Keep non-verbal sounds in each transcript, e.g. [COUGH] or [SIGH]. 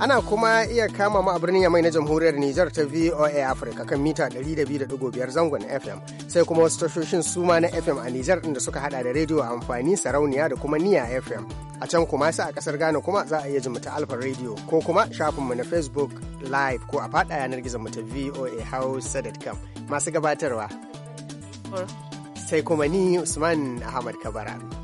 Ana kuma iya kama mu a birnin Yamai na Jamhuriyar Nijar ta VOA Africa kan mita 200.5 zangon FM sai kuma wasu tashoshin suma na FM a Nijar da suka hada da rediyo a amfani sarauniya da kuma niya FM. A can kuma sai a kasar Ghana kuma za a iya ji ta Alfa Radio ko kuma shafinmu na Facebook Live ko a fada yanar gizon mu ta VOA Hausa.com masu gabatarwa. Sai kuma ni Usman Ahmad Kabara.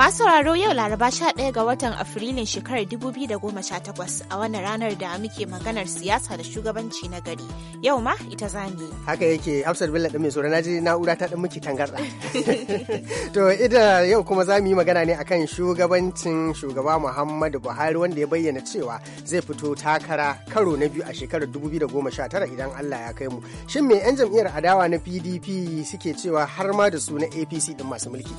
Masu sauraro yau Laraba sha 11 ga watan Afrilun shekarar 2018 a wannan ranar da muke maganar siyasa da shugabanci na gari. Yau ma ita zami. Haka yake Hafsat Bello ɗin mai tsoron naji na'ura ta ɗin muke tangarɗa. [LAUGHS] to ida yau kuma za mu yi magana ne akan shugabancin shugaba Muhammadu Buhari wanda ya bayyana cewa zai fito takara karo na biyu a shekarar 2019 idan Allah ya kai mu. Shin me 'yan jam'iyyar adawa na PDP suke cewa har ma da su na APC ɗin masu mulki?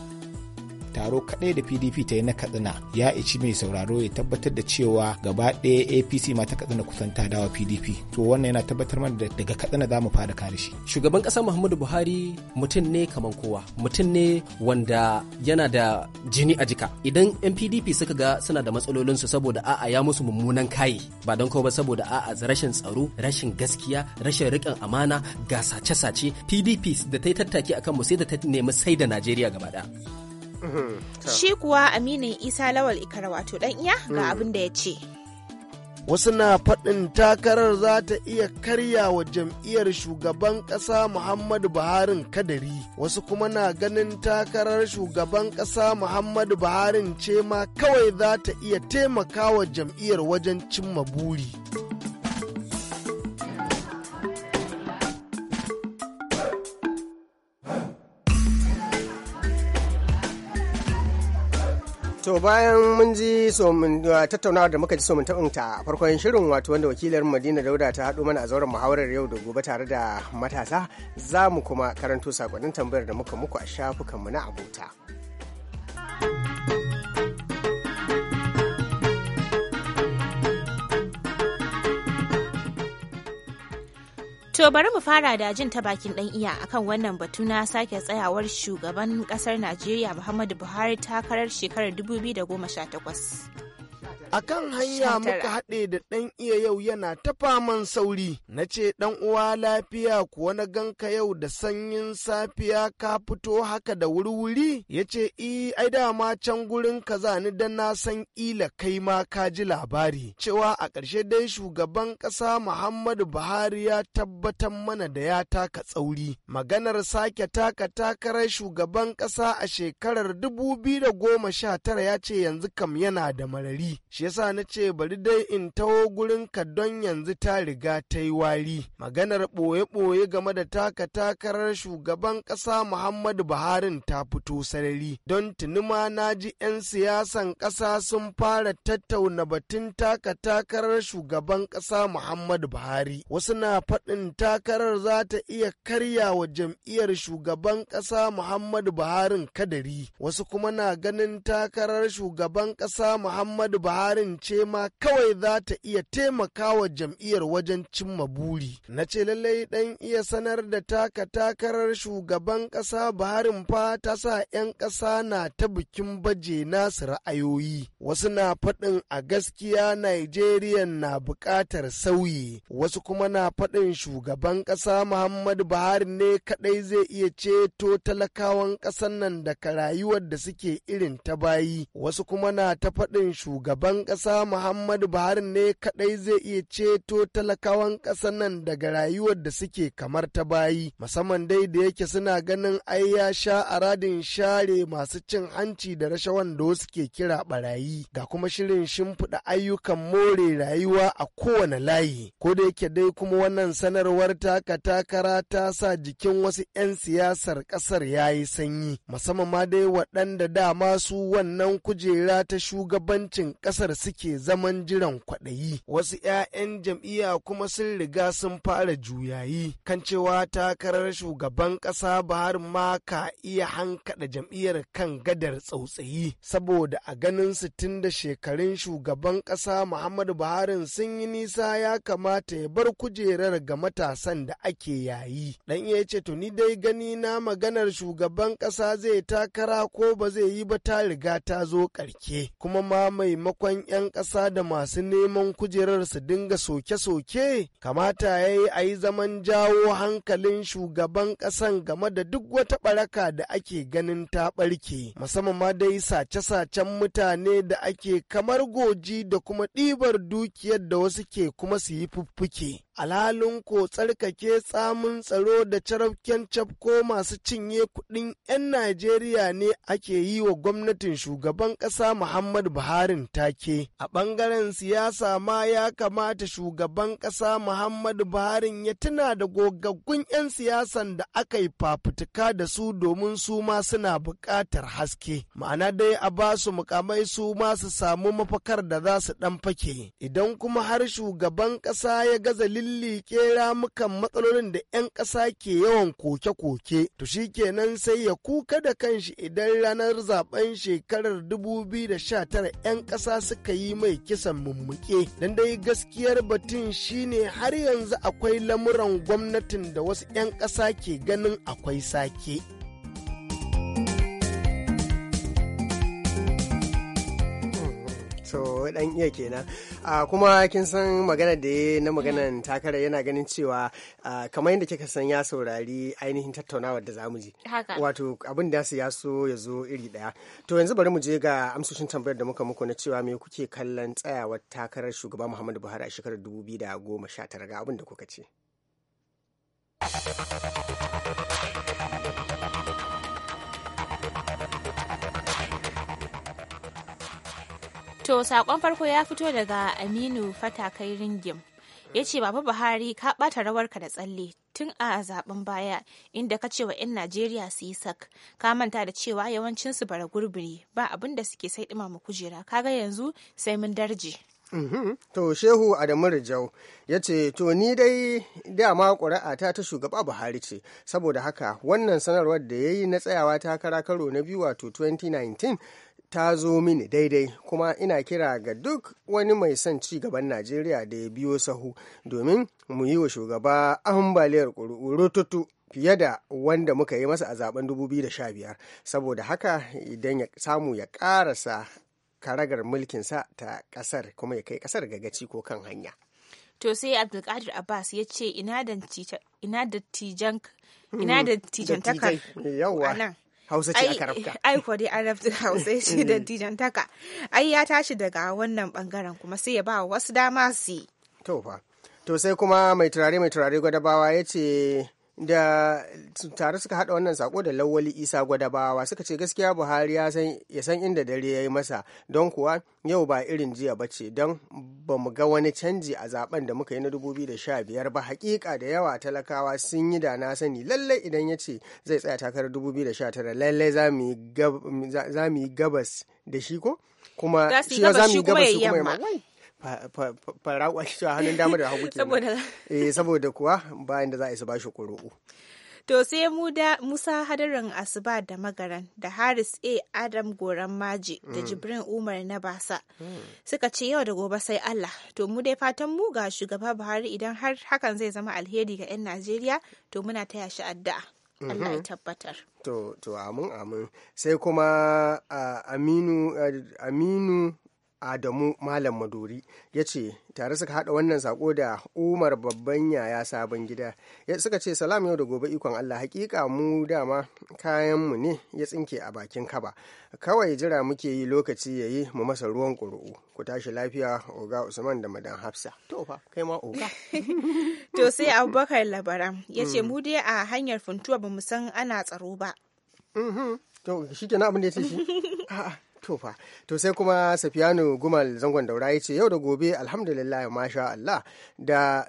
taro kadai da pdp ta yi na katsina ya ici mai sauraro ya tabbatar da cewa gaba ɗaya apc ma ta katsina kusan ta dawa pdp to wannan yana tabbatar mana da daga katsina za mu fara kare shi shugaban ƙasar muhammadu buhari mutum ne kaman kowa mutum ne wanda yana da jini a jika idan yan pdp suka ga suna da matsalolinsu saboda a'a ya musu mummunan kayi ba don kowa ba saboda a'a rashin tsaro rashin gaskiya rashin rikin amana ga sace-sace pdp da ta yi tattaki akan mu sai da ta nemi sai da najeriya gaba ɗaya Mm-hmm. Shi kuwa aminin Isa Lawal Ikara wato dan iya ga mm. abin da ya ce. Wasu na faɗin takarar za ta iya karya wa jam'iyyar shugaban ƙasa Muhammadu Buharin kadari, wasu kuma na ganin takarar shugaban ƙasa Muhammadu Buharin ce ma kawai za ta iya taimakawa jam'iyyar wajen cimma buri. To bayan mun ji uh, tattaunawa da muka ji somin taɓinta farkon shirin wato wanda wakilar Madina Dauda ta haɗo mana a zauren muhawarar yau da gobe tare da matasa za mu kuma karanto sakonnin tambayar da muka muku a shafukanmu na abota. To bari mu fara da jin ta bakin ɗan iya akan wannan batu na sake tsayawar shugaban ƙasar Najeriya Muhammadu Buhari takarar shekarar 2018. akan hanya muka haɗe da ɗan iya yau yana ta faman sauri na ce ɗan uwa lafiya kuwa na ganka yau da sanyin safiya ka fito haka da wuri-wuri ya ce i e, ai dama can gurin kaza ni dan na san ila kai ma ka ji labari cewa a ƙarshe dai shugaban ƙasa muhammadu buhari ya tabbatar mana da ya taka tsauri maganar sake taka takarar shugaban ƙasa a shekarar da goma 2019 ya ce yanzu kam yana da marari shi yasa na ce bari dai in taho gurin ka don yanzu ta riga ta yi wari maganar ɓoye-ɓoye game da taka takarar shugaban ƙasa muhammadu buharin ta fito sarari don tuni ma na ji 'yan siyasan ƙasa sun fara tattauna batun taka takarar shugaban ƙasa muhammadu buhari wasu na faɗin takarar za ta iya karya wa jam'iyyar shugaban ƙasa muhammadu buharin kadari wasu kuma na ganin takarar shugaban ƙasa muhammadu buhari harin ce ma kawai za ta iya taimakawa jam'iyyar wajen cimma buri na ce lallai dan iya sanar da taka takarar shugaban ƙasa buharin fa ta sa 'yan ƙasa na ta bikin baje nasu ra'ayoyi wasu na faɗin a gaskiya Najeriya na buƙatar sauyi wasu kuma na faɗin shugaban ƙasa Muhammadu Buhari ne kaɗai zai iya ceto talakawan ƙasar nan daga rayuwar da suke irin ta bayi wasu kuma na ta faɗin shugaban ƙasa Muhammadu Buhari ne kaɗai zai iya ceto talakawan ƙasar nan daga rayuwar da suke kamar ta bayi, musamman dai da yake suna ganin ai ya sha a radin share masu cin hanci da rashawan da wasu ke kira barayi, ga kuma shirin shimfiɗa ayyukan more rayuwa a kowane layi. Ko da yake dai kuma wannan sanarwar taka takara ta sa jikin wasu 'yan siyasar ƙasar ya yi sanyi, musamman ma dai waɗanda dama su wannan kujera ta shugabancin ƙasar ƙasar suke zaman jiran kwaɗayi wasu 'ya'yan jam'iyya kuma sun riga sun fara juyayi kan cewa takarar shugaban ƙasa bahar ma ka iya hankada jam'iyyar kan gadar tsautsayi saboda a ganin su tun da shekarun shugaban ƙasa muhammadu buhari sun yi nisa ya kamata ya bar kujerar ga matasan da ake yayi dan iya ce to ni dai gani na maganar shugaban ƙasa zai takara ko ba zai yi ba ta riga ta zo ƙarke kuma ma maimakon neman 'yan ƙasa da masu neman kujerar su dinga soke-soke kamata ya yi a yi zaman jawo hankalin shugaban ƙasan game da duk wata ɓaraka da ake ganin ta ɓarke musamman ma dai sace-sacen mutane da ake kamar goji da kuma ɗibar dukiyar da wasu ke kuma su yi fuffuke alhalin ko tsarkake tsamin tsaro da carafken cafko masu cinye kuɗin 'yan Najeriya ne ake yi wa gwamnatin shugaban ƙasa muhammad Buharin take. A ɓangaren siyasa ma ya kamata shugaban ƙasa Muhammadu Buharin ya tuna da gogaggun 'yan siyasan da aka yi fafutuka da su domin su ma suna buƙatar haske. Ma'ana dai a ba su mukamai su ma su samu mafakar da za su ɗan fake. Idan kuma har shugaban ƙasa ya gaza liƙe ramukan matsalolin da 'yan ƙasa ke yawan koke-koke to shi kenan sai ya kuka da kanshi idan ranar zaben shekarar 2019 'yan ƙasa suka yi mai kisan mummuke don dai gaskiyar batun shi ne har yanzu akwai lamuran gwamnatin da wasu 'yan ƙasa ke ganin akwai sake. akwai dan iya kenan kuma kin san magana da ya na maganan takara yana ganin cewa kamar yadda kika san ya saurari ainihin tattaunawar da zamu ji wato abin da su ya so ya zo iri daya to yanzu bari mu je ga amsoshin tambayar da muka muku na cewa me kuke kallon tsayawar takarar shugaba Muhammadu Buhari a shekarar 2019 ga abin da kuka ce To sakon farko ya fito daga Aminu Fatakai Ringim. Ya ce Baba Buhari ka ɓata rawarka da tsalle tun a zaben baya inda ka ce wa 'yan Najeriya su yi sak ka manta da cewa yawancinsu bara gurbiri ba abin da suke sai ɗumama kujera ga yanzu sai mun darje. Mhm. To Shehu Adamu Rijau ya ce, To ni dai dama ƙuri'a ta ta shugaba Buhari ce, saboda haka wannan sanarwar da ya yi na tsayawa takara karo na biyu wato 2019 ta zo mini daidai kuma ina kira ga duk wani mai son ci gaban najeriya da ya biyo sahu domin mu yi wa shugaba ambaliyar rututu fiye da wanda muka yi masa a zaben 2015 saboda haka idan ya samu ya karasa karagar mulkinsa ta kasar kuma ya kai kasar gaci ko kan hanya to sai abdulkadir abbas ya ce ina da tijan takar hausa ce aka rafka. ai ko an rabta hausa ce da dijan mm. taka ai ya tashi daga wannan bangaren kuma sai ya ba wasu dama su to to sai kuma mai turare mai turare gwadabawa ya ce da tare suka hada wannan sako da lawali isa gwadabawa suka ce gaskiya buhari ya san inda dare ya yi masa don kuwa yau ba irin jiya ba ce don ba mu ga wani canji a zaben da muka yi na 2015 ba hakika da yawa talakawa sun yi da na sani lallai idan ya ce zai tsaya takarar 2019 lallai za mu yi gabas da shi ko kuma shi za mu yi gabas kuma kwashi [LAUGHS] a hannun dama da hagu kenan saboda eh, kuwa bayan da za a isa shi kuru'u to sai musa hadarin asuba da magaran da haris a adam goran maji da mm. jibrin umar na basa mm. suka ce yau da gobe sai allah to mu dai fatan mu ga shugaba buhari idan har hakan zai zama alheri ga 'yan najeriya to muna taya shi addu'a Allah ya mm-hmm. tabbatar. To, to amin amin. Sai kuma Aminu Adamu Malam Maduri ya ce tare suka haɗa wannan sako da Umar babban yaya sabon gida ya suka ce salam yau da gobe ikon Allah hakika mu dama kayan mu ne ya tsinke a bakin kaba kawai jira muke yi lokaci yayi mu masa ruwan ƙuru'u ku tashi lafiya oga Usman da madan Hafsa to fa kai ma oga [LAUGHS] to sai Abubakar Labaran ya ce mu dai a hanyar funtuwa bamu san ana tsaro ba mm-hmm. to abin da ya ce shi [LAUGHS] tofa to sai kuma safiyanu gumal zangon daura ya ce yau da gobe alhamdulillah masha Allah da,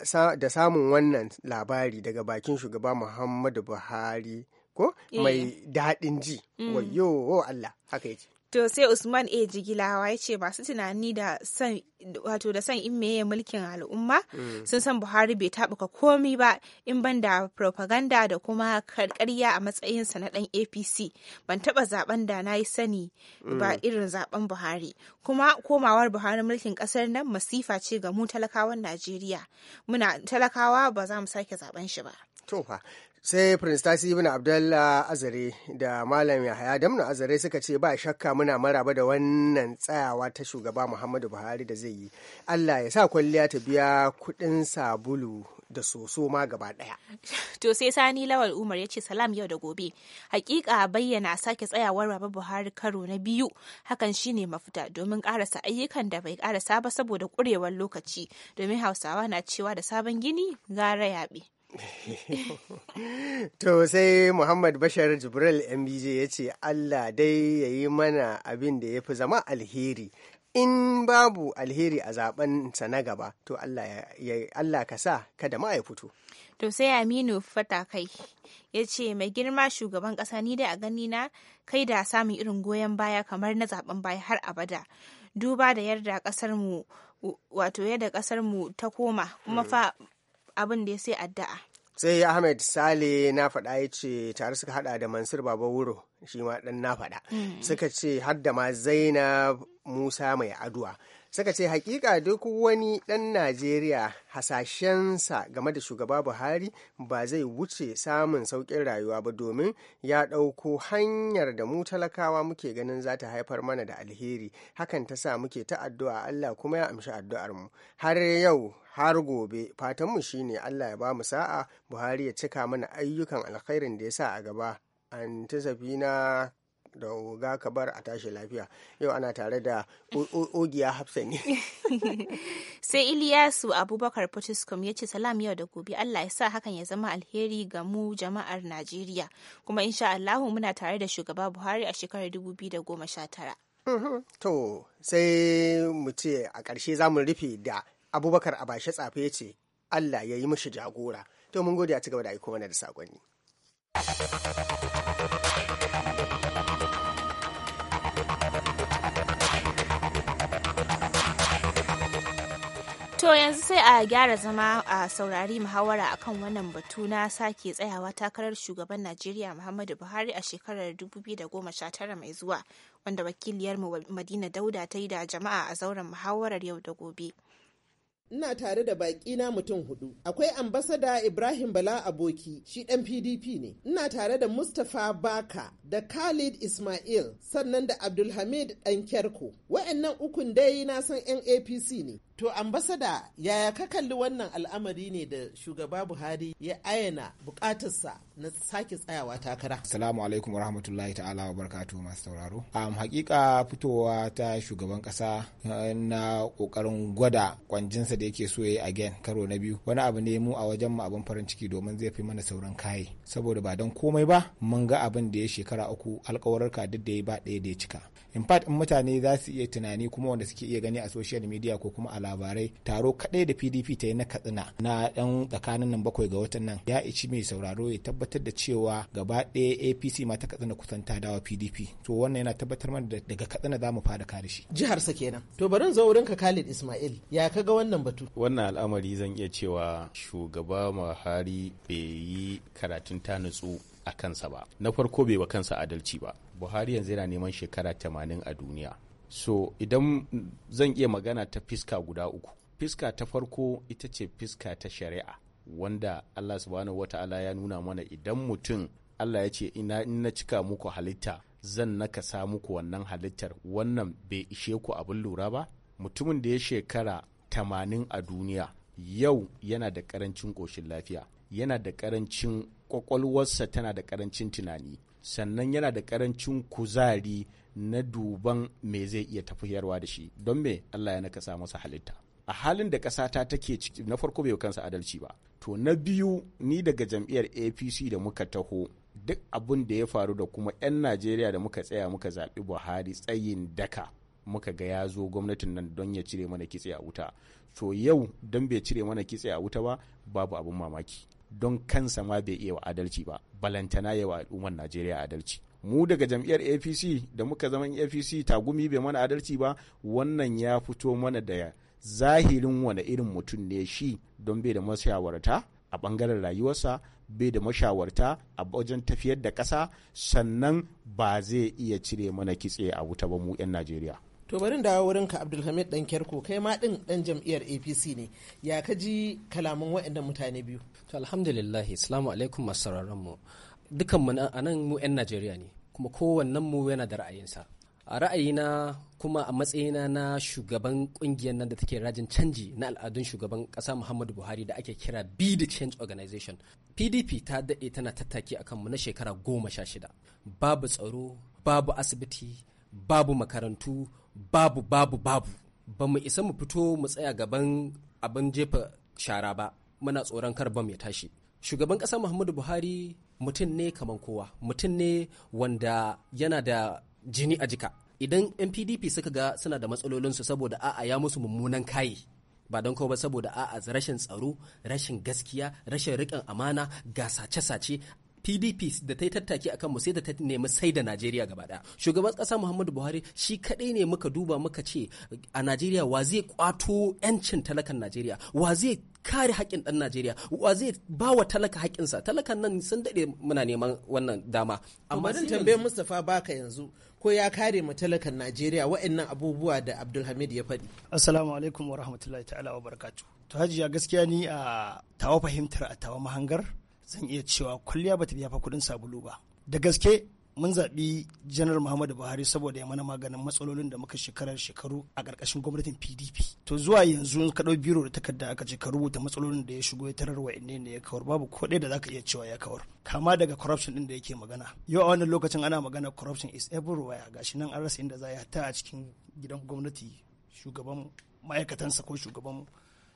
samun wannan labari daga bakin shugaba muhammadu buhari ko eh, eh. mai daɗin ji mm. wayo Allah haka yake To sai Usman A Jigilawa ya ce masu tunani da san wato da san in meye mulkin al'umma mm. sun san Buhari bai ka komi ba in ban da propaganda da kuma karkarya a matsayin sa na dan APC ban taɓa zaben da na yi sani ba mm. irin zaben Buhari kuma komawar Buhari mulkin ƙasar nan masifa ce ga mu talakawan Najeriya muna talakawa ba za mu sake zaben shi ba. To fa sai prince tasi ibn abdullah azare da malam yahaya damna azare suka ce ba shakka muna maraba da wannan tsayawa ta shugaba muhammadu buhari da zai yi allah ya sa kwalliya ta biya kudin sabulu da soso ma gaba daya. [LAUGHS] To sai Sani Lawal Umar ya ce salam yau da gobe. Hakika bayyana sake tsayawar Baba Buhari karo na biyu hakan shine mafita domin karasa ayyukan da bai karasa ba saboda kurewar lokaci domin Hausawa na cewa da sabon gini gara yaɓe. [LAUGHS] to sai Muhammad Bashar Jibril MBJ ya ce Allah dai ya yi mana abin da ya fi zama alheri in babu alheri a zaben sa na gaba to Allah ka sa kada ma ya fito to sai Aminu kai ya ce mai girma shugaban kasa ni dai a gani na kai da samun irin goyon baya kamar na zaben baya har abada duba da yarda kasar mu wato yadda kasar mu ta koma kuma mm. fa abin da ya sai addu'a sai ahmed sale na faɗa ya ce tare suka hada da mansur baba wuro shi ma ɗan na faɗa mm. suka ce har da ma zainab musa mai aduwa suka ce hakika duk wani ɗan najeriya hasashensa game da shugaba buhari ba zai wuce samun sauƙin rayuwa ba domin ya ɗauko hanyar da mu talakawa muke ganin za ta haifar mana da alheri hakan ta sa muke ta addu'a allah kuma ya amshi addu'ar mu har yau har gobe fatanmu shine allah ya ba mu sa'a buhari ya cika mana ayyukan alkhairin da ya sa a gaba an safina da oga kabar a tashi lafiya yau ana tare da ogiya hafsa ne [LAUGHS] sai iliyasu abubakar potiskum ya ce salam yau da gobe allah ya sa hakan ya zama alheri ga mu jama'ar najeriya kuma insha allahu muna tare da shugaba buhari a shekarar 2019 mhm. to sai mu ce a ƙarshe za mu rufe da abubakar abashe tsafe ya ce allah ya yi mishi jagora to mun gode a ci gaba da aiko mana da saƙonni. To yanzu sai a gyara zama a saurari muhawara akan wannan batu na sake tsayawa takarar shugaban Najeriya Muhammadu Buhari a shekarar 2019 mai zuwa wanda wakiliyar Madina Dauda ta yi da jama'a a zauren muhawarar yau da gobe. ina tare da baƙi na mutum hudu. Akwai ambasada Ibrahim Bala Aboki, shi ɗan PDP ne. Ina tare da Mustapha Baka da Khalid Ismail sannan da Abdulhamid kyarko Wa'annan ukun dai na san 'yan APC ne. To ambasada yaya ka kalli wannan al'amari ne da shugaba Buhari ya ayyana bukatarsa na sake tsayawa takara. Assalamu alaikum warahmatullahi ta'ala wa barkatu masu sauraro. a hakika fitowa ta shugaban kasa eh, na kokarin gwada kwanjinsa da yake so ya again karo na biyu wani abu ne mu a wajen mu abin farin ciki domin zai fi mana sauran kaye saboda ba don komai ba mun ga abin da ya shekara uku alkawararka duk da ya ba ɗaya da ya cika. in fact in mutane za su iya tunani kuma wanda suke iya gani a social media ko kuma a labarai taro kaɗai da pdp ta yi na katsina na yan tsakanin nan bakwai ga watan nan ya ici mai sauraro ya tabbatar da cewa gaba ɗaya apc ma ta katsina kusan ta dawa pdp to wannan yana tabbatar mana da daga katsina za mu fara kare shi jihar sa kenan to bari zo wurin ka khalid ismail ya kaga wannan batu wannan al'amari zan iya cewa shugaba buhari bai yi karatun ta nutsu a kansa ba na farko bai wa kansa adalci ba buhari yanzu yana neman shekara 80 a duniya so idan zan iya magana ta fiska guda uku fiska ta farko ita ce fiska ta shari'a wanda allah subhanahu wata'ala ya nuna mana idan mutum allah ya ce ina na cika muku halitta zan nakasa muku wannan halittar wannan bai ishe ku abin lura ba mutumin da ya shekara tamanin a duniya yau yana da karancin koshin lafiya yana da karancin kwakwalwarsa tana da karancin tunani sannan yana da karancin kuzari na duban me zai iya tafiyarwa da shi don me Allah ya sa masa halitta a halin da ta take ciki na farko bai kansa adalci ba to na biyu ni daga jam'iyyar apc da muka taho duk abun da ya faru da kuma 'yan najeriya da muka tsaya muka zaɓi buhari tsayin daka muka ga ya zo gwamnatin nan don ya cire mana kitse a wuta to yau don bai cire mana kitse a wuta ba babu abun mamaki don kansa ma bai iya wa adalci ba balantana ya wa al'ummar najeriya adalci mu daga jam'iyyar apc da muka zama apc tagumi bai mana adalci ba wannan ya fito mana da zahirin wani irin mutum ne shi don bai da mashawarta a bangaren rayuwarsa bai da mashawarta a wajen tafiyar da ƙasa sannan ba zai iya cire mana kitse a wuta ba mu 'yan najeriya to bari dawo wurin ka abdulhamid dan kyarko kai ma din dan jam'iyyar apc ne ya ka ji kalaman waɗannan mutane biyu to alhamdulillah assalamu alaikum masararran mu dukan mu nan mu yan najeriya ne kuma kowannen mu yana da ra'ayinsa a ra'ayina kuma a matsayina na shugaban kungiyar nan da take rajin canji na al'adun shugaban kasa muhammadu buhari da ake kira be the change organization pdp ta daɗe tana tattaki akan mu na shekara goma sha shida babu tsaro babu asibiti babu makarantu babu babu babu ba mu isa mu fito mu tsaya gaban abin jefa shara ba muna tsoron kar bam ya tashi shugaban kasa muhammadu buhari mutum ne kaman kowa mutum ne wanda yana da jini a jika idan yan suka ga suna da matsalolinsu saboda a'a ya musu mummunan kayi ba don kawai ba saboda a'a rashin tsaro rashin gaskiya rashin riƙon amana ga sace-sace PDP da ta yi tattaki akan mu sai da ta nemi sai da Najeriya gaba ɗaya. Shugaban ƙasa Muhammadu Buhari shi kaɗai ne muka duba muka ce a Najeriya wa zai kwato 'yancin talakan Najeriya, wa zai kare haƙƙin ɗan Najeriya, wa zai ba wa talaka haƙƙinsa. Talakan nan sun daɗe muna neman wannan dama. Amma zan tambaye Mustapha Baka yanzu ko ya kare mu talakan Najeriya waɗannan abubuwa da Abdulhamid ya faɗi. Assalamu alaikum wa rahmatullahi ta'ala wa barakatu. To hajiya gaskiya ni a ah, tawa fahimtar a tawa mahangar zan iya cewa kwalliya bata ta fa kuɗin sabulu ba da gaske mun zaɓi janar muhammadu buhari saboda ya mana maganin matsalolin da muka shekarar shekaru a ƙarƙashin gwamnatin pdp to zuwa yanzu ka ɗau biro da takarda aka ce ka rubuta matsalolin da ya shigo ya tarar wa'inne ne ya kawar babu ko ɗaya da za ka iya cewa ya kawar kama daga corruption ɗin da yake magana yau a wannan lokacin ana magana corruption is everywhere gashi nan an rasa inda za a yi a cikin gidan gwamnati shugaban ma'aikatansa ko shugaban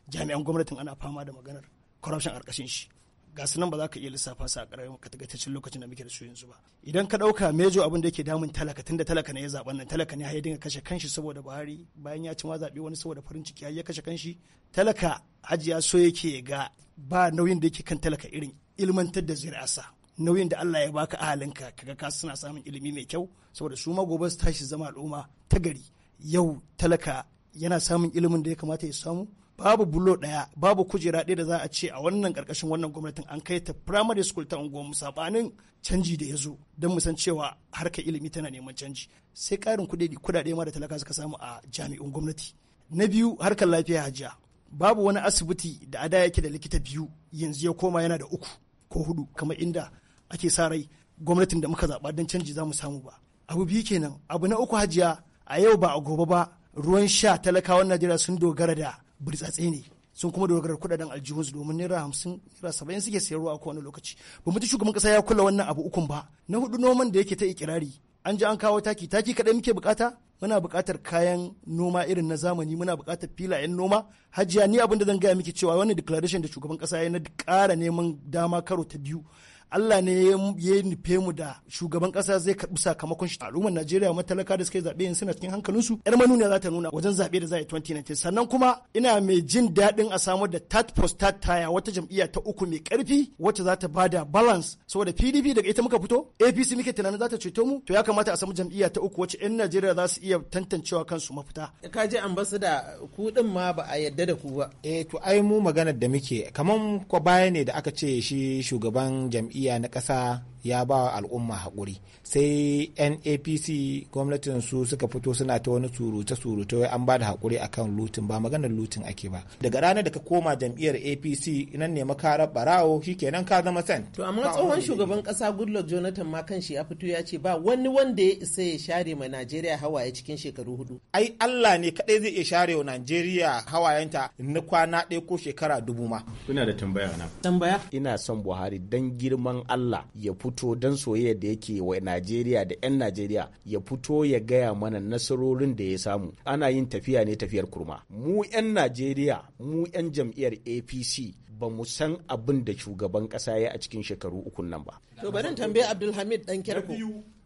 jami'an gwamnatin ana fama da maganar corruption a ƙarƙashin shi ga su nan ba za ka iya lissafa su a ƙaramin katagaitacin lokacin da muke da su yanzu ba idan ka ɗauka mejo abin da yake damun talaka tunda talaka ne ya zaɓa nan talaka ne ya dinga kashe kanshi saboda buhari bayan ya ci ma zaɓe wani saboda farin ciki ya kashe kanshi talaka hajiya so yake ga ba nauyin da yake kan talaka irin ilmantar da zuri'arsa nauyin da Allah ya baka ahalinka kaga ka suna samun ilimi mai kyau saboda su ma gobe su tashi zama al'umma ta gari yau talaka yana samun ilimin da ya kamata ya samu babu bulo ɗaya babu kujera ɗaya da za a ce a wannan ƙarƙashin wannan gwamnatin an kai ta primary school ta unguwarmu sabanin canji da ya zo don mu san cewa harkar ilimi tana neman canji sai ƙarin kuɗaɗe kuɗaɗe ma da talaka suka samu a jami'un gwamnati na biyu harkar lafiya hajiya babu wani asibiti da a da yake da likita biyu yanzu ya koma yana da uku ko hudu kamar inda ake sa rai gwamnatin da muka zaɓa don canji za mu samu ba abu biyu kenan abu na uku hajiya a yau ba a gobe ba ruwan sha talakawan najeriya sun dogara da burtsatse ne sun kuma dogarar kudaden aljihunsu domin naira hamsin naira saba'in suke sayarwa a kowane lokaci ba mu ta shugaban kasa ya kula wannan abu ukun ba na hudu noman da yake ta ikirari an ji an kawo taki taki kadai muke bukata muna bukatar kayan noma irin na zamani muna bukatar filayen noma hajiya ni abin da zan gaya miki cewa wannan declaration da shugaban kasa ya na ƙara neman dama karo ta biyu Allah ne ya nufe mu da shugaban kasa zai karbi sakamakon shi al'ummar Najeriya matalaka da suka yi zaɓe yanzu suna cikin hankalinsu yar manuniya za ta nuna wajen zaɓe da za a yi 2019 sannan kuma ina mai jin daɗin a samar da tat post tat taya wata jam'iyya ta uku mai ƙarfi wacce za ta bada balance saboda PDP daga ita muka fito APC muke tunanin za ta ceto mu to ya kamata a samu jam'iyya ta uku wacce 'yan Najeriya za su iya tantancewa kansu mafita ka je ambassador ku ɗin ma ba a yadda da ku ba eh to ai mu maganar da muke kaman ko baya ne da aka ce shi shugaban jam'iyya jam'iyya na ƙasa ya ba al'umma haƙuri sai NAPC gwamnatin su suka fito suna ta wani surute surute an ba da haƙuri akan lutin ba maganar lutin ake ba daga ranar da ka koma jam'iyyar APC nan ne makarar barawo shikenan ka zama sen to amma tsohon shugaban ƙasa Goodluck Jonathan ma kan shi ya fito ya ce ba wani wanda ya isa ya share ma Najeriya hawaye cikin shekaru hudu ai Allah ne kadai zai iya share wa Najeriya hawayenta na kwana ɗaya ko shekara dubu ma kuna da tambaya na tambaya ina son Buhari dan girman Allah ya fito fito don soyayyar da yake wa Najeriya da 'yan Najeriya ya fito ya gaya mana nasarorin da ya samu. Ana yin tafiya ne tafiyar kurma. Mu 'yan Najeriya, mu 'yan jam'iyyar APC ba mu san abin da shugaban ƙasa ya a cikin shekaru uku nan ba. To barin tambaye Abdulhamid ɗan kirku.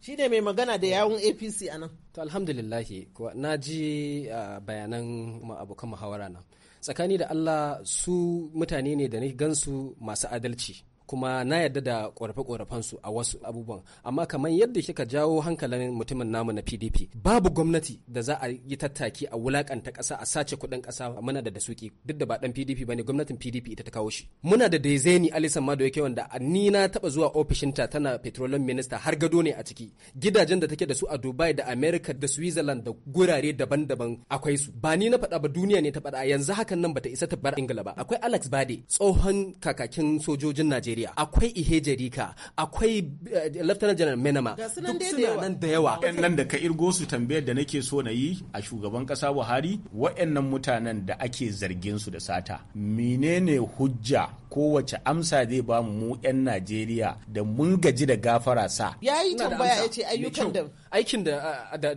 Shi ne mai magana da yawun APC a nan. To alhamdulillahi na ji bayanan abokan muhawara na Tsakani da Allah su mutane ne da na gansu masu adalci. kuma na yarda da ƙorafe su a wasu abubuwan amma kamar yadda kika jawo hankalin mutumin namu na pdp babu gwamnati da za a yi tattaki a wulakanta ƙasa a sace kuɗin ƙasa muna da dasuki duk da ba dan pdp ba ne gwamnatin pdp ita ta kawo shi muna da daizeni alisan da yake wanda ni na taɓa zuwa ofishin ta tana petroleum minister har gado ne a ciki gidajen da take da su a dubai da america da switzerland da gurare daban-daban akwai su ba ni na faɗa ba duniya ne ta faɗa yanzu hakan nan bata isa ta bar ingila ba akwai alex bade tsohon kakakin sojojin najeriya Najeriya akwai jarika akwai eh, Lieutenant General Menama duk suna nan da yawa nan da ka irgo su tambayar da nake so na yi a shugaban ƙasa Buhari waɗannan mutanen da ake zargin su da sata menene hujja kowace amsa zai ba mu 'yan Najeriya da mun gaji da gafara sa. Ya yi tambaya ya ce ayyukan da aikin da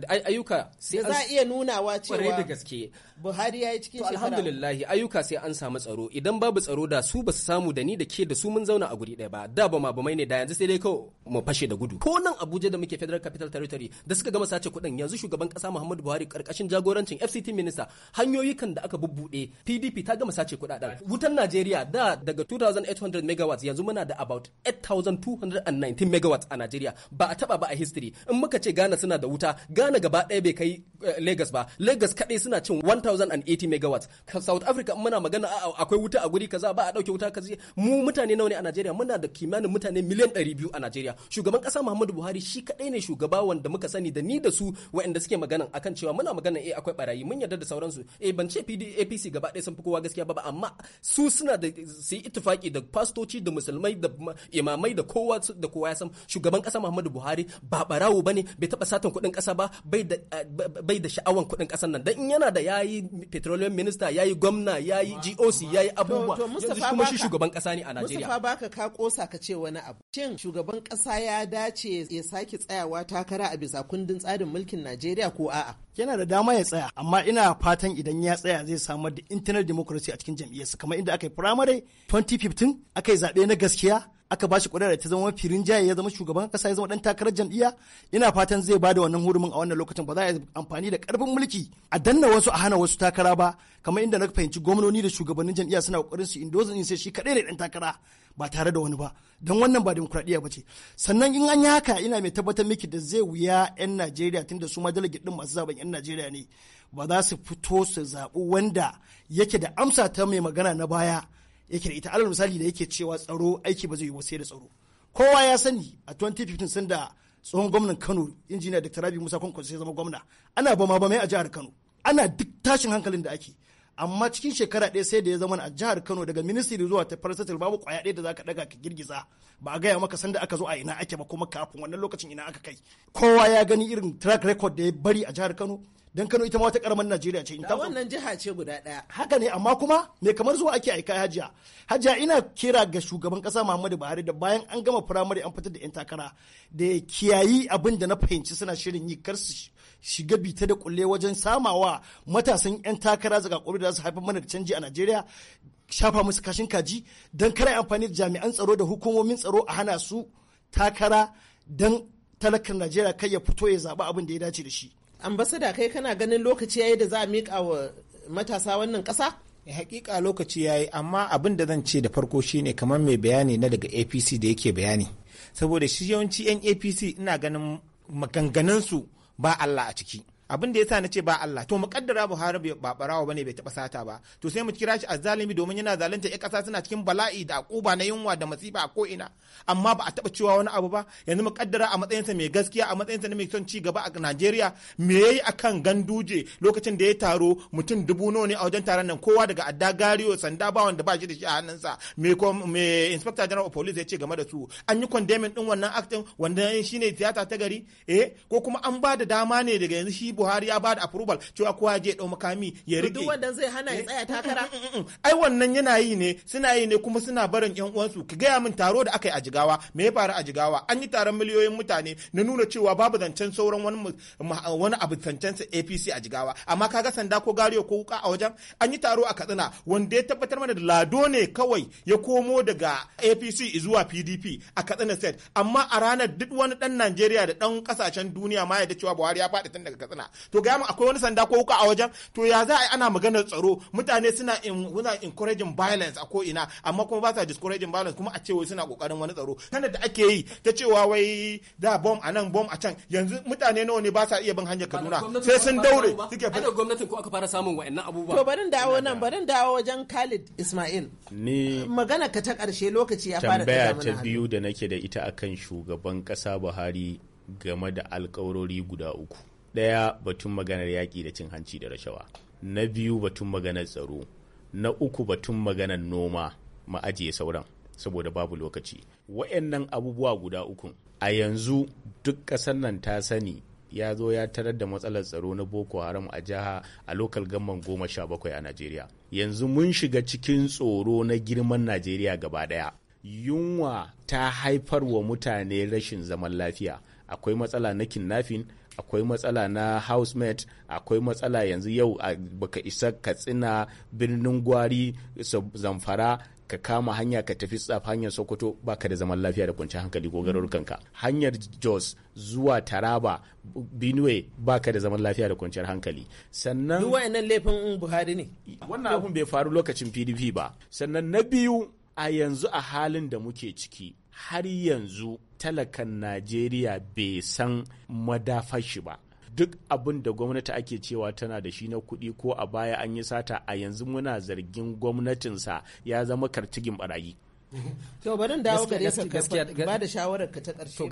ayyuka sai za a iya nunawa cewa da gaske Buhari ya yi cikin shekara. Alhamdulillah ayyuka sai an samu tsaro idan babu tsaro da su ba samu da ni da ke da su mun zauna a guri ɗaya ba da ba ma ba mai ne da yanzu sai dai kawai mu fashe da gudu. Ko nan Abuja da muke Federal Capital Territory da suka gama sace kuɗin yanzu shugaban ƙasa Muhammadu Buhari ƙarƙashin jagorancin FCT minister hanyoyi kan da aka bubbuɗe PDP ta gama sace kuɗaɗen. Wutan Najeriya da daga 2800 megawatts yanzu muna da about 8219 megawatts a Najeriya ba a taba ba a history in muka ce Ghana suna da wuta Ghana gaba ɗaya bai kai eh, Lagos ba Lagos kaɗai suna cin 1080 megawatts South Africa in muna magana akwai wuta a guri kaza ba a ɗauke wuta kaza mu mutane nawa ne a Najeriya muna da kimanin mutane miliyan 200 a Najeriya shugaban ƙasa Muhammadu Buhari shi kadai ne shugaba wanda muka sani da ni da su waɗanda suke maganan akan cewa muna magana eh akwai barayi mun yarda da sauransu eh ban ce APC gaba ɗaya sun fi kowa gaskiya ba amma su suna da su ittifaki da fastoci da musulmai da imamai da kowa da kowa ya san shugaban kasa Muhammadu Buhari ba barawo bane bai taba satan kuɗin kasa ba bai da bai da sha'awan kuɗin kasan nan dan in yana da yayi petroleum minister yayi gwamna yayi GOC yayi abubuwa yanzu kuma shi shugaban kasa ne a Najeriya Mustafa baka ka kosa ka ce wani abu shin shugaban kasa ya dace ya sake tsayawa takara a bisa kundin tsarin mulkin Najeriya ko a'a yana da dama ya tsaya amma ina fatan idan ya tsaya zai samar da internal democracy a cikin jam'iyyarsa kamar inda aka yi primary 2015 aka yi zaɓe na gaskiya aka ba shi da ta zama firin rinjaye ya zama shugaban kasa ya zama dan takarar jam'iyya ina fatan zai bada wannan hurumin a wannan lokacin ba za a yi amfani da karfin mulki a danna wasu a hana wasu takara ba kamar inda na fahimci gwamnoni da shugabannin jam'iyya suna kokarin su zan sai shi kadai ne dan takara ba tare da wani ba don wannan ba demokradiyya ba ce sannan in an yi haka ina mai tabbatar miki da zai wuya 'yan najeriya tun da su ma dalage din masu zaben 'yan najeriya ne ba za su fito su zaɓi wanda yake da amsa ta mai magana na baya yake da ita alal misali da yake cewa tsaro aiki ba zai yi ba sai da tsaro kowa ya sani a 2015 sun da tsohon gwamnan Kano injiniya Dr. Rabi Musa Kwankwaso sai zama gwamna ana bama bamai a jihar Kano ana duk tashin hankalin da ake amma cikin shekara ɗaya sai da ya zama a jihar Kano daga ministry zuwa ta farsatil babu kwaya ɗaya da zaka daga ka girgiza ba a gaya maka sanda aka zo a ina ake ba kuma kafin wannan lokacin ina aka kai kowa ya gani irin track record da ya bari a jihar Kano dan Kano ita ma wata karamar Najeriya ce in ta wannan jiha ce guda daya haka ne amma kuma me kamar zuwa ake aika hajiya hajiya ina kira ga shugaban kasa Muhammadu Buhari da bayan an gama firamare an fitar da yan takara da ya kiyayi abin da na fahimci suna shirin yi kar su shiga bita da kulle wajen samawa matasan yan takara zaga kobi da su haifar mana da canji a Najeriya shafa musu kashin kaji dan kare amfani da jami'an tsaro da hukumomin tsaro a hana su takara dan talakar Najeriya kai ya fito ya zaɓi abin da ya dace da shi. ambasada kai kana ganin lokaci yayi da za a miƙa wa matasa wannan ƙasa eh, hakika lokaci yayi amma abin da zan ce da farko shine kamar mai bayani na daga apc da yake bayani saboda shi yawanci yan apc ina ganin maganganunsu ba allah a ciki abin da yasa na ce ba Allah to muƙaddara Buhari bai ba bane bai taba sata ba to sai mu kira shi azzalimi domin yana zalunta ya ƙasa suna cikin bala'i da akuba na yunwa da masifa a ko'ina amma ba a taba cewa wani abu ba yanzu muƙaddara a matsayinsa mai gaskiya a matsayinsa na mai son ci gaba a Najeriya me yayi akan ganduje lokacin da ya taro mutum dubu nawa ne a wajen taron nan kowa daga adda gariyo sanda ba wanda ba shi da shi a hannunsa me ko me inspector general of police ya ce game da su an yi condemning din wannan actin wanda shine tiyata ta gari eh ko kuma an ba da dama ne daga yanzu shi Buhari ya bada approval cewa kowa je dau makami ya rike duk wanda zai hana ya tsaya mm, mm, mm, takara ai wannan yana yi ne suna yi ne kuma suna barin yan uwansu ki gaya min taro da aka yi a Jigawa me ya faru a Jigawa an yi taron miliyoyin mutane na nuna cewa babu zancen sauran wani wani abu zancen sa APC a Jigawa amma kaga sanda ko gariyo ko wuka a wajen an yi taro a Katsina wanda ya tabbatar mana da lado ne kawai ya komo daga APC zuwa PDP a Katsina set amma a ranar duk wani dan Najeriya da dan kasashen duniya ma ya da cewa Buhari ya faɗi tun daga Katsina mana to ga mu akwai wani sanda ko uku a wajen to ya za a yi ana maganar tsaro mutane suna suna encouraging violence a ko ina amma kuma ba sa discouraging violence kuma a ce wai suna kokarin wani tsaro kana da ake yi ta cewa wai da bom a nan bom a can yanzu mutane nawa ne ba sa iya bin hanyar Kaduna sai sun daure suke ba gwamnatin ko aka fara samun wa'annan abubuwa to barin dawo nan barin dawo wajen Khalid Ismail ni magana ka ta karshe lokaci ya fara tambaya ta biyu da nake da ita akan shugaban kasa Buhari game da alkawarori guda uku ɗaya batun maganar yaƙi da cin hanci da rashawa na biyu batun maganar tsaro na uku batun maganar noma ma ajiye sauran saboda babu lokaci wayannan abubuwa guda uku a yanzu duk ƙasar nan ta sani ya zo ya tarar da matsalar tsaro na boko haram a jiha a lokal gamman goma sha bakwai a najeriya yanzu mun shiga cikin tsoro na girman najeriya gaba ɗaya. yunwa ta haifar wa mutane rashin zaman lafiya akwai matsala na kinnafin akwai matsala na housemate akwai matsala yanzu yau baka isa katsina birnin gwari zamfara ka kama hanya ka tafi tsaf hanyar sokoto baka da zaman lafiya da kwanciyar hankali ko garurukanka hanyar jos zuwa taraba benue baka da zaman lafiya da kwanciyar hankali sannan duk wayannan laifin buhari ne wannan abun bai faru lokacin pdp ba sannan na biyu a yanzu a halin da muke ciki har yanzu talakan najeriya bai san madafa shi ba duk abin da gwamnati ake cewa tana da shi na kuɗi ko a baya an yi sata a yanzu muna zargin gwamnatinsa ya zama kartigin barayi [LAUGHS] to barin dawo ka ba da shawarar ka ta ƙarshe to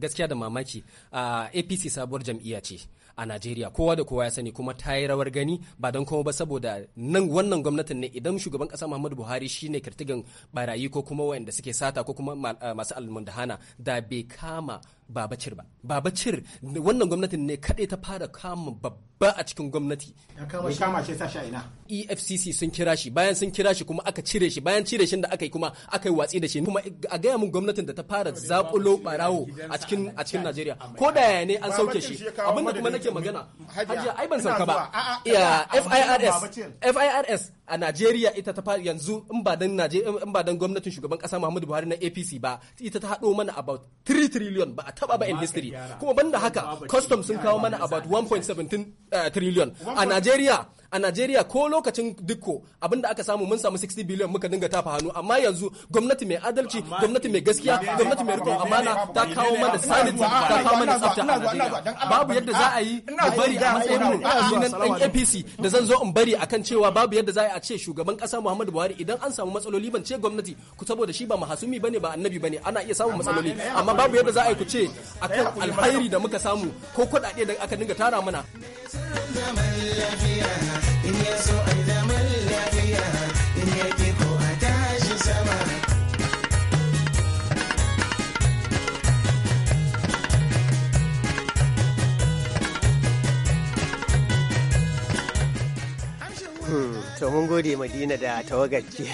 gaskiya da mamaki apc ah, sabuwar jam'iyya ce a Najeriya kowa da kowa ya sani kuma ta yi rawar gani ba don kuma ba saboda nan wannan gwamnatin ne idan shugaban kasa Muhammadu Buhari shine kirtigan barayi ko kuma wayanda suke sata ko kuma masu almundahana da bai kama babacir ba babacir wannan gwamnatin ne kaɗai ta fara kama babba a cikin gwamnati ya kama shi sa sha ina efcc sun kira shi bayan sun kira shi kuma aka cire shi bayan cire shi da aka yi kuma aka yi watsi da shi kuma a gaya min gwamnatin da ta fara zakulo barawo a cikin a cikin najeriya ko da yaya ne an sauke shi abinda kuma nake magana hajiya ai ban sauka ba firs firs a Najeriya ita ta fara yanzu in ba dan in ba dan gwamnatin shugaban kasa Muhammadu Buhari na APC ba ita ta hado mana about 3 trillion ba a taba ba industry kuma banda haka custom sun kawo mana about 1.17 eh, trillion a Najeriya a Najeriya ko lokacin dukko abinda aka samu mun samu 60 billion muka dinga tafa hannu amma yanzu gwamnati mai adalci gwamnati mai gaskiya gwamnati mai rikon amana ta kawo mana sanity ta kawo mana tsafta a Najeriya babu yadda za a yi da bari a matsayin mu sunan ɗan APC da zan zo in bari akan cewa babu yadda za a yi a ce shugaban ƙasa Muhammadu Buhari idan an samu matsaloli ban ce gwamnati ku saboda shi ba mahasumi bane ba annabi bane ana iya samun matsaloli eh, amma babu yadda za a yi ku ce akan eh, alhairi da muka samu ko kuɗaɗe da aka dinga tara mana. Hmm, to mun gode madina da tawagarki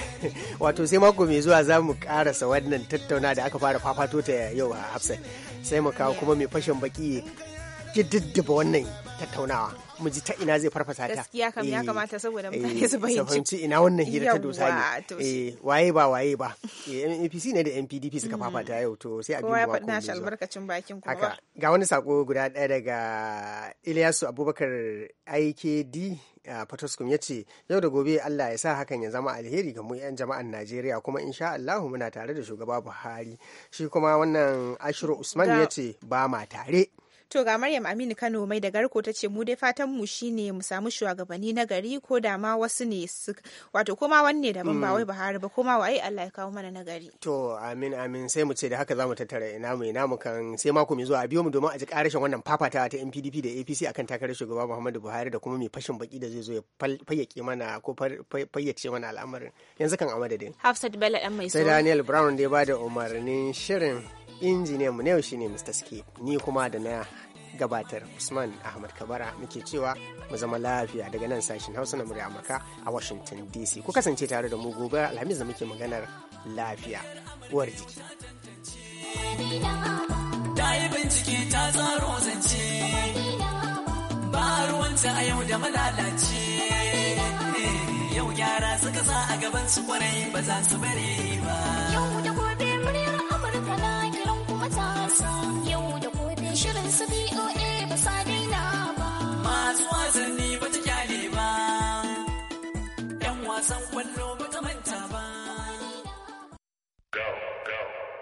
wato sai mako mai zuwa za mu karasa wannan tattauna da aka fara fafato ta yau a hafsat sai mu kawo kuma mai fashin baki kididdiba wannan tattaunawa mu ji ta ina zai farfasa ta gaskiya kam ya eh, kamata saboda eh, mutane su fahimci ina wannan hira ta dosa ne eh, waye ba waye ba NPC ne da NPDP suka mm. fafata yau to sai a bi ya faɗi shi albarkacin bakin kuma haka ga wani sako guda ɗaya daga Ilyasu Abubakar IKD a Potoskum ya ce yau da gobe Allah ya sa hakan ya zama alheri ga mu 'yan jama'an Najeriya kuma insha Allah muna tare da shugaba Buhari shi kuma wannan Ashiru Usman ya ce ba ma tare To ga Maryam Aminu Kano mai da garko ta ce mu dai fatan mu shine mu samu shugabanni na gari ko da ma wasu ne wato koma wanne da ban ba mm. wai Buhari ba koma wai Allah ya kawo mana na gari. To amin amin sai mu ce da haka zamu tattara ina mu ina mu kan sai mako mai zuwa a biyo mu domin a ji karashin wannan fafata ta NPDP da APC akan takarar shugaba Muhammadu Buhari da kuma mai fashin baki da zai zo ya fayyake mana ko fayyace mana al'amarin. Yanzu kan a madadin. Hafsat Bello dan mai so. Sai Daniel Brown da ya bada umarnin shirin injiniyan mu na yau shine Mr. Ski ni kuma da na gabatar Usman Ahmad Kabara muke cewa mu zama lafiya daga nan sashen Hausa na murya maka a Washington DC ku kasance tare da mu gobe Alhamis da muke maganar lafiya uwar jiki ta yi bincike ta zance ba ruwanta a yau da malalaci eh, yau gyara suka sa a gaban su kwarai ba za su bare ba Podcast.